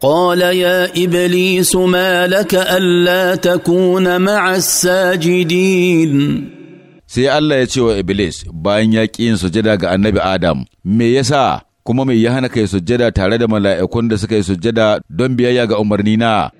قال يا ابليس ما لك الا تكون مع الساجدين sai Allah ya ce wa Iblis bayan ya sujada ga annabi Adam, me yasa kuma me ya hana kai sujada tare da mala'ikun da suka yi sujada don biyayya ga umarni na